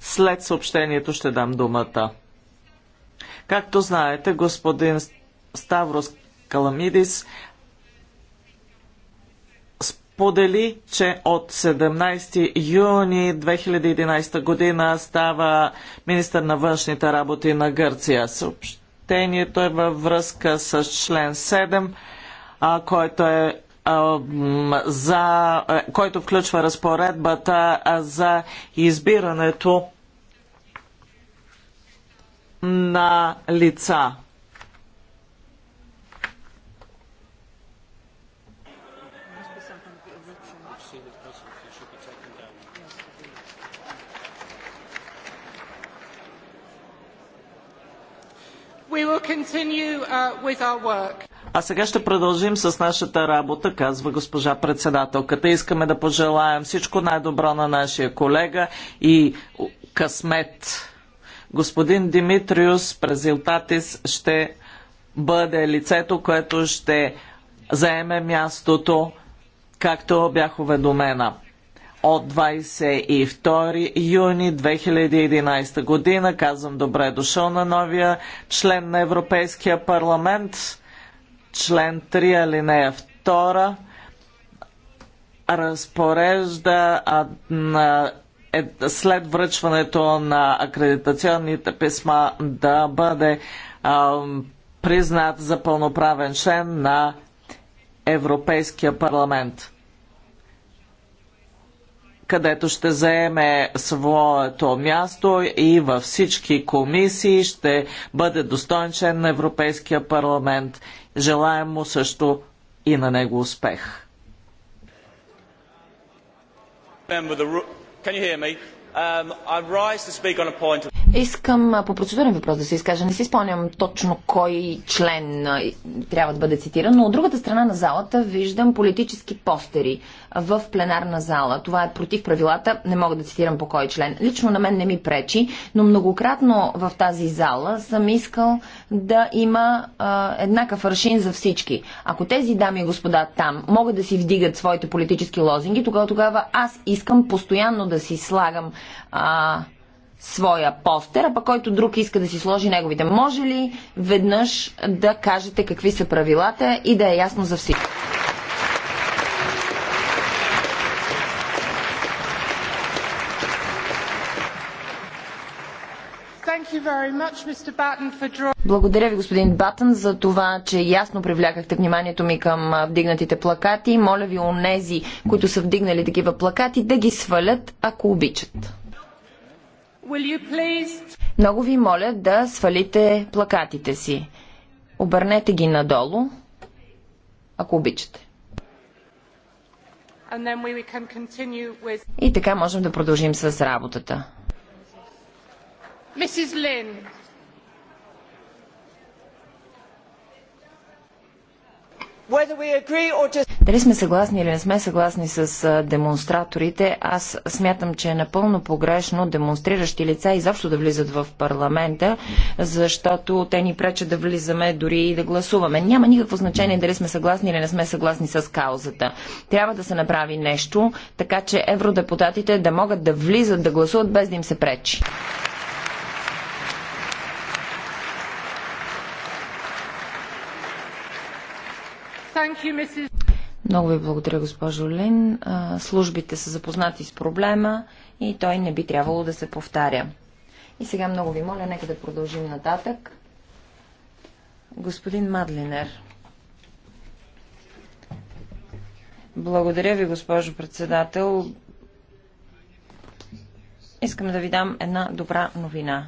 След съобщението ще дам думата. Както знаете, господин Ставрос Каламидис сподели, че от 17 юни 2011 година става министър на външните работи на Гърция. Съобщението е във връзка с член 7, а, който е за, е, който включва разпоредбата за избирането на лица. We will continue uh, with our work. А сега ще продължим с нашата работа, казва госпожа председателката. Искаме да пожелаем всичко най-добро на нашия колега и късмет. Господин Димитриус Презилтатис ще бъде лицето, което ще заеме мястото, както бях уведомена от 22 юни 2011 година. Казвам добре дошъл на новия член на Европейския парламент член 3 алинея 2 разпорежда а, на, е, след връчването на акредитационните писма да бъде а, признат за пълноправен член на Европейския парламент където ще заеме своето място и във всички комисии ще бъде достоен член на Европейския парламент. Желаем му също и на него успех. Can you hear me? Um, I rise to speak on a point. Искам по процедурен въпрос да се изкажа. Не си спомням точно кой член трябва да бъде цитиран, но от другата страна на залата виждам политически постери в пленарна зала. Това е против правилата. Не мога да цитирам по кой член. Лично на мен не ми пречи, но многократно в тази зала съм искал да има а, еднакъв аршин за всички. Ако тези дами и господа там могат да си вдигат своите политически лозинги, тогава тогава аз искам постоянно да си слагам а, своя постер, а пък който друг иска да си сложи неговите. Може ли веднъж да кажете какви са правилата и да е ясно за всички? Благодаря ви, господин Батън, за това, че ясно привлякахте вниманието ми към вдигнатите плакати. Моля ви, онези, които са вдигнали такива плакати, да ги свалят, ако обичат. Много ви моля да свалите плакатите си. Обърнете ги надолу, ако обичате. И така можем да продължим с работата. Дали сме съгласни или не сме съгласни с демонстраторите, аз смятам, че е напълно погрешно демонстриращи лица изобщо да влизат в парламента, защото те ни пречат да влизаме дори и да гласуваме. Няма никакво значение дали сме съгласни или не сме съгласни с каузата. Трябва да се направи нещо, така че евродепутатите да могат да влизат, да гласуват без да им се пречи. Много ви благодаря, госпожо Лин. Службите са запознати с проблема и той не би трябвало да се повтаря. И сега много ви моля, нека да продължим нататък. Господин Мадлинер. Благодаря ви, госпожо председател. Искам да ви дам една добра новина.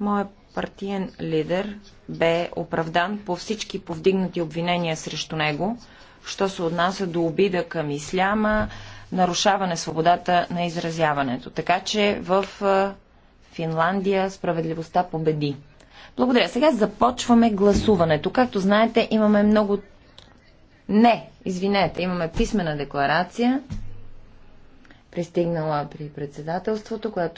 Моя партиен лидер бе оправдан по всички повдигнати обвинения срещу него, що се отнася до обида към исляма, нарушаване свободата на изразяването. Така че в Финландия справедливостта победи. Благодаря. Сега започваме гласуването. Както знаете, имаме много... Не, извинете, имаме писмена декларация, пристигнала при председателството, която е